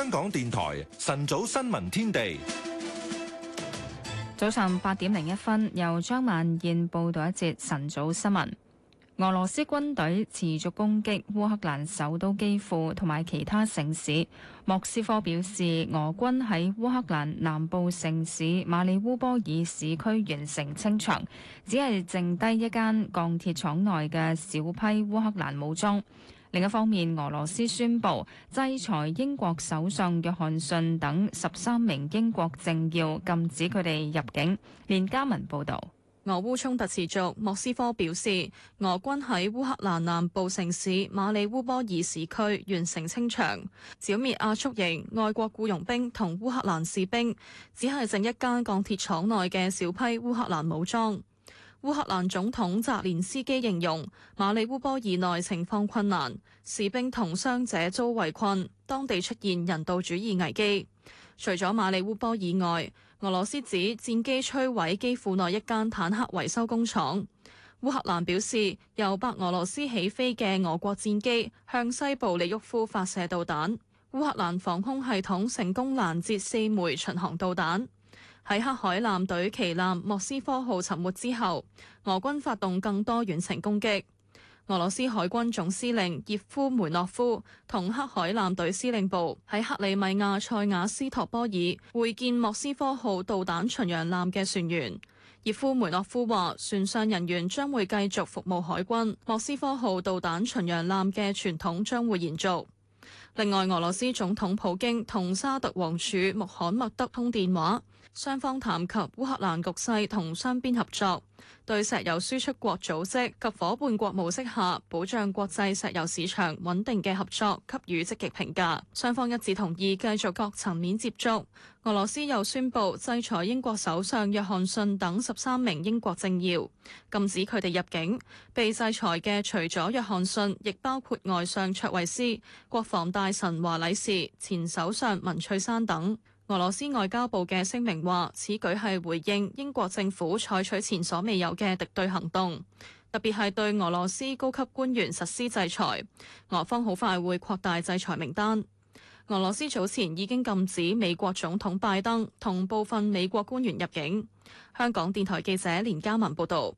香港電台晨早新聞天地，早上八點零一分，由張曼燕報道，一節晨早新聞。俄羅斯軍隊持續攻擊烏克蘭首都基輔同埋其他城市。莫斯科表示，俄軍喺烏克蘭南部城市馬里烏波爾市區完成清場，只係剩低一間鋼鐵廠內嘅小批烏克蘭武裝。另一方面，俄羅斯宣布制裁英國首相約翰遜等十三名英國政要，禁止佢哋入境。連加文報導，俄烏衝突持續。莫斯科表示，俄軍喺烏克蘭南部城市馬里烏波爾市區完成清場，剿滅亞速營、外國雇傭兵同烏克蘭士兵，只係剩一間鋼鐵廠內嘅小批烏克蘭武裝。烏克蘭總統澤連斯基形容馬里烏波爾內情況困難，士兵同傷者遭圍困，當地出現人道主義危機。除咗馬里烏波爾外，俄羅斯指戰機摧毀機庫內一間坦克維修工廠。烏克蘭表示，由白俄羅斯起飛嘅俄國戰機向西部利沃夫發射導彈，烏克蘭防空系統成功攔截四枚巡航導彈。喺黑海艦隊旗艦莫斯科號沉沒之後，俄軍發動更多遠程攻擊。俄羅斯海軍總司令葉夫梅諾夫同黑海艦隊司令部喺克里米亞塞瓦斯托波爾會見莫斯科號導彈巡洋艦嘅船員。葉夫梅諾夫話：船上人員將會繼續服務海軍，莫斯科號導彈巡洋艦嘅傳統將會延續。另外，俄羅斯總統普京同沙特王儲穆罕默德通電話。雙方談及烏克蘭局勢同雙邊合作，對石油輸出國組織及伙伴國模式下保障國際石油市場穩定嘅合作給予積極評價。雙方一致同意繼續各層面接觸。俄羅斯又宣布制裁英國首相約翰遜等十三名英國政要，禁止佢哋入境。被制裁嘅除咗約翰遜，亦包括外相卓維斯、國防大臣華禮士、前首相文翠珊等。俄羅斯外交部嘅聲明話：此舉係回應英國政府採取前所未有嘅敵對行動，特別係對俄羅斯高級官員實施制裁。俄方好快會擴大制裁名單。俄羅斯早前已經禁止美國總統拜登同部分美國官員入境。香港電台記者連嘉文報導。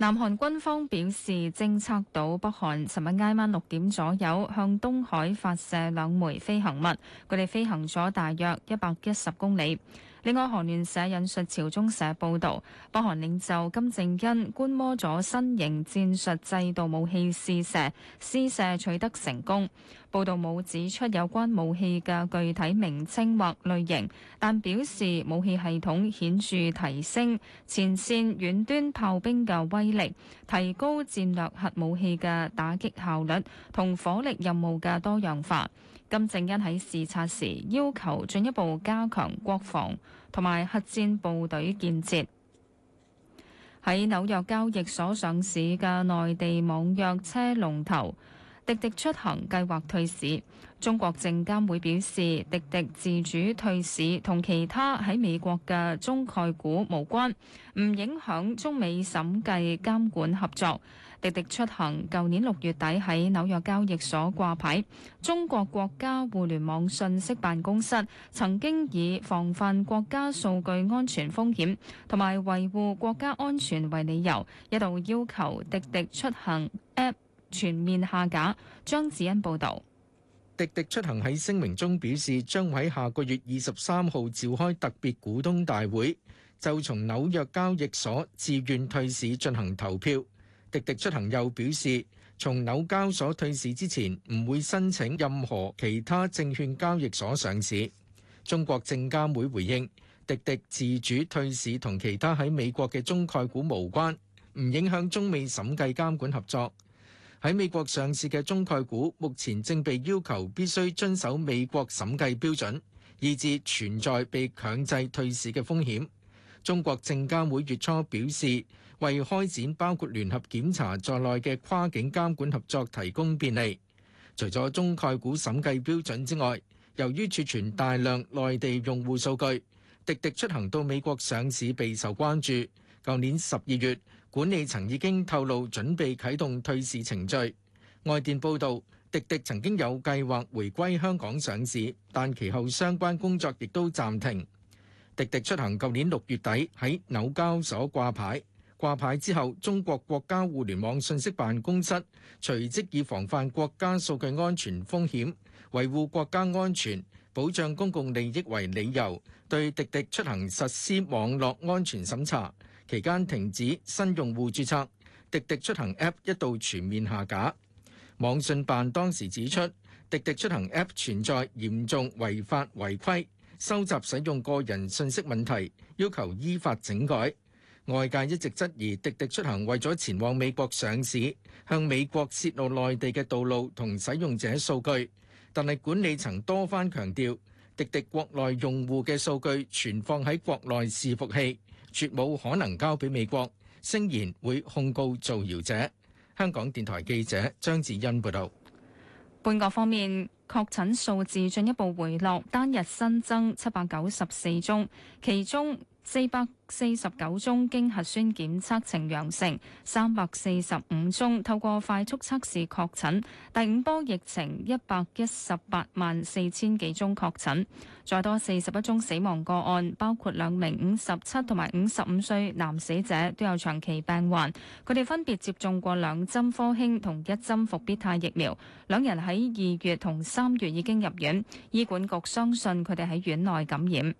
南韓軍方表示，偵測到北韓尋日挨晚六點左右向東海發射兩枚飛行物，佢哋飛行咗大約一百一十公里。另外，韓聯社引述朝中社報導，北韓領袖金正恩觀摩咗新型戰術制度武器試射，試射取得成功。報導冇指出有關武器嘅具體名稱或類型，但表示武器系統顯著提升前線遠端炮兵嘅威力，提高戰略核武器嘅打擊效率同火力任務嘅多樣化。金正恩喺視察時要求進一步加強國防同埋核戰部隊建設。喺紐約交易所上市嘅內地網約車龍頭。滴滴出行計劃退市。中國證監會表示，滴滴自主退市同其他喺美國嘅中概股無關，唔影響中美審計監管合作。滴滴出行舊年六月底喺紐約交易所掛牌。中國國家互聯網信息辦公室曾經以防範國家數據安全風險同埋維護國家安全為理由，一度要求滴滴出行 App 全面下架。張子恩報道，滴滴出行喺聲明中表示，將喺下個月二十三號召開特別股東大會，就從紐約交易所自願退市進行投票。滴滴出行又表示，從紐交所退市之前唔會申請任何其他證券交易所上市。中國證監會回應，滴滴自主退市同其他喺美國嘅中概股無關，唔影響中美審計監管合作。喺美國上市嘅中概股目前正被要求必須遵守美國審計標準，以致存在被強制退市嘅風險。中國證監會月初表示，為開展包括聯合檢查在內嘅跨境監管合作提供便利。除咗中概股審計標準之外，由於儲存大量內地用戶數據，滴滴出行到美國上市備受關注。舊年十二月，管理層已經透露準備啟動退市程序。外電報道，滴滴曾經有計劃回歸香港上市，但其後相關工作亦都暫停。滴滴出行舊年六月底喺紐交所掛牌，掛牌之後，中國國家互聯網信息辦公室隨即以防範國家數據安全風險、維護國家安全、保障公共利益為理由，對滴滴出行實施網絡安全審查。期間停止新用戶註冊，滴滴出行 App 一度全面下架。網信辦當時指出，滴滴出行 App 存在嚴重違法違規、收集使用個人信息問題，要求依法整改。外界一直質疑滴滴出行為咗前往美國上市，向美國泄露內地嘅道路同使用者數據，但係管理層多番強調，滴滴國內用戶嘅數據存放喺國內伺服器，絕冇可能交俾美國，聲言會控告造謠者。香港電台記者張志恩報導，半個方面確診數字進一步回落，單日新增七百九十四宗，其中，四百四十九宗經核酸檢測呈陽性，三百四十五宗透過快速測試確診。第五波疫情一百一十八萬四千幾宗確診，再多四十一宗死亡個案，包括兩名五十七同埋五十五歲男死者，都有長期病患。佢哋分別接種過兩針科興同一針復必泰疫苗，兩人喺二月同三月已經入院。醫管局相信佢哋喺院內感染。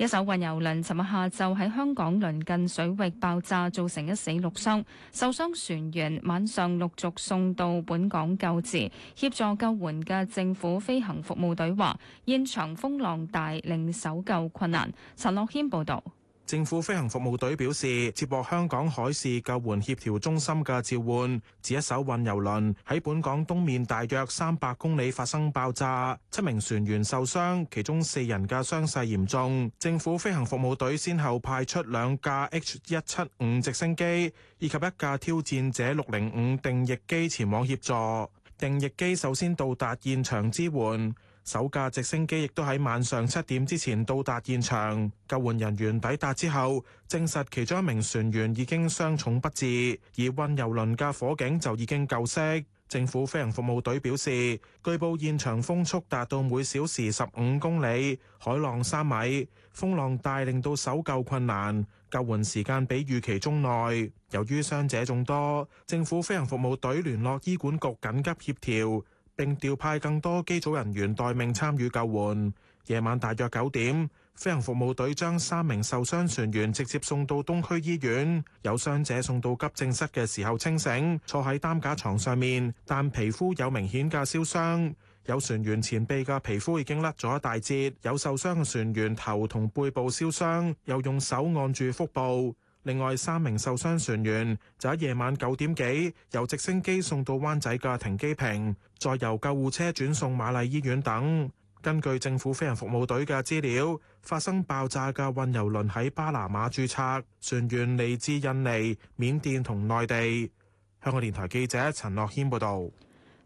一艘運油輪尋日下晝喺香港鄰近水域爆炸，造成一死六傷。受傷船員晚上陸續送到本港救治。協助救援嘅政府飛行服務隊話，現場風浪大，令搜救困難。陳樂軒報導。政府飛行服務隊表示，接獲香港海事救援協調中心嘅召喚，指一艘運油輪喺本港東面大約三百公里發生爆炸，七名船員受傷，其中四人嘅傷勢嚴重。政府飛行服務隊先後派出兩架 H 一七五直升機以及一架挑戰者六零五定翼機前往協助，定翼機首先到達現場支援。首架直升機亦都喺晚上七點之前到達現場，救援人員抵達之後，證實其中一名船員已經傷重不治。而運油輪架火警就已經救熄。政府飛行服務隊表示，據報現場風速達到每小時十五公里，海浪三米，風浪大令到搜救困難，救援時間比預期中耐。由於傷者眾多，政府飛行服務隊聯絡醫管局緊急協調。並調派更多機組人員待命參與救援。夜晚大約九點，飛行服務隊將三名受傷船員直接送到東區醫院。有傷者送到急症室嘅時候清醒，坐喺擔架床上面，但皮膚有明顯嘅燒傷。有船員前臂嘅皮膚已經甩咗一大截。有受傷嘅船員頭同背部燒傷，又用手按住腹部。另外三名受傷船員就喺夜晚九點幾由直升機送到灣仔嘅停機坪，再由救護車轉送瑪麗醫院等。根據政府飛行服務隊嘅資料，發生爆炸嘅運油輪喺巴拿馬註冊，船員嚟自印尼、緬甸同內地。香港電台記者陳樂軒報導。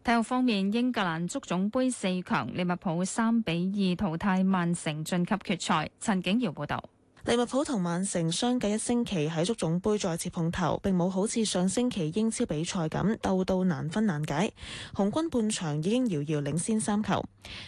體育方面，英格蘭足總杯四強利物浦三比二淘汰曼城，晉級決賽。陳景堯報道。利物浦同曼城相隔一星期喺足總盃再次碰頭，並冇好似上星期英超比賽咁鬥到難分難解。紅軍半場已經遙遙領先三球。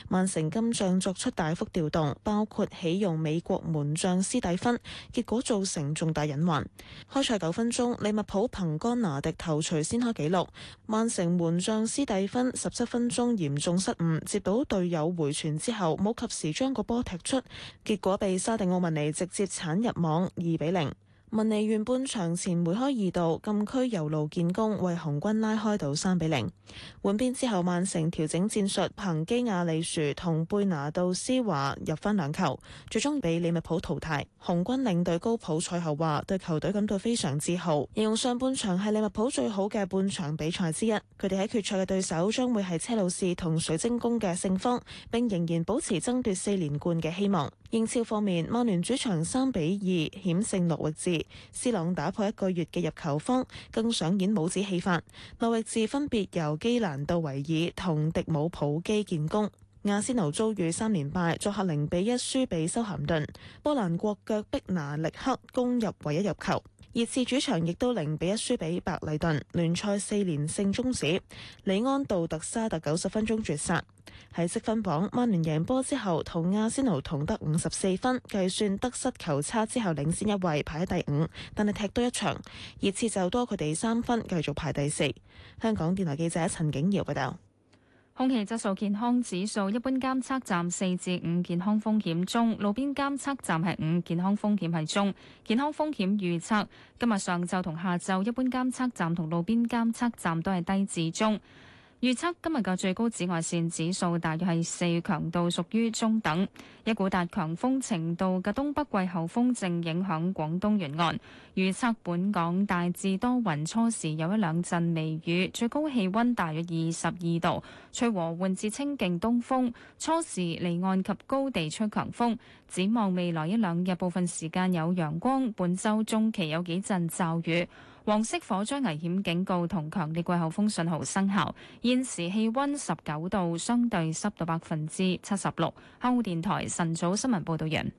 曼城今仗作出大幅調動，包括起用美國門將斯蒂芬，結果造成重大隱患。開賽九分鐘，利物浦憑干拿迪頭槌先開紀錄。曼城門將斯蒂芬十七分鐘嚴重失誤，接到隊友回傳之後冇及時將個波踢出，結果被沙蒂奧文尼直接產入網，二比零。文尼院半場前梅開二度禁區由路建功，為紅軍拉開到三比零。換邊之後，曼城調整戰術，憑基亞利殊同貝拿道斯華入返兩球，最終被利物浦淘汰。紅軍領隊高普賽後話：對球隊感到非常自豪，形容上半場係利物浦最好嘅半場比賽之一。佢哋喺決賽嘅對手將會係車路士同水晶宮嘅勝方，並仍然保持爭奪四連冠嘅希望。英超方面，曼聯主場三比二險勝諾域治。斯朗打破一個月嘅入球荒，更上演帽子戲法。諾域治分別由基蘭·杜維爾同迪姆普基建功。亞仙奴遭遇三連敗，作客零比一輸俾修咸頓。波蘭國腳碧拿力克攻入唯一入球。熱刺主場亦都零比一輸俾白禮頓，聯賽四連勝終止。李安道特沙特九十分鐘絕殺。喺積分榜，曼聯贏波之後同阿仙奴同得五十四分，計算得失球差之後領先一位，排喺第五。但係踢多一場，熱刺就多佢哋三分，繼續排第四。香港電台記者陳景瑤報道。空氣質素健康指數，一般監測站四至五健康風險中，路邊監測站係五健康風險係中。健康風險預測，今日上晝同下晝，一般監測站同路邊監測站都係低至中。預測今日嘅最高紫外線指數大約係四，強度屬於中等。一股達強風程度嘅東北季候風正影響廣東沿岸。預測本港大致多雲，初時有一兩陣微雨，最高氣溫大約二十二度，吹和緩至清勁東風，初時離岸及高地吹強風。展望未來一兩日部分時間有陽光，本週中期有幾陣驟雨。黃色火災危險警告同強烈季候風信號生效。現時氣溫十九度，相對濕度百分之七十六。香港電台晨早新聞報道人。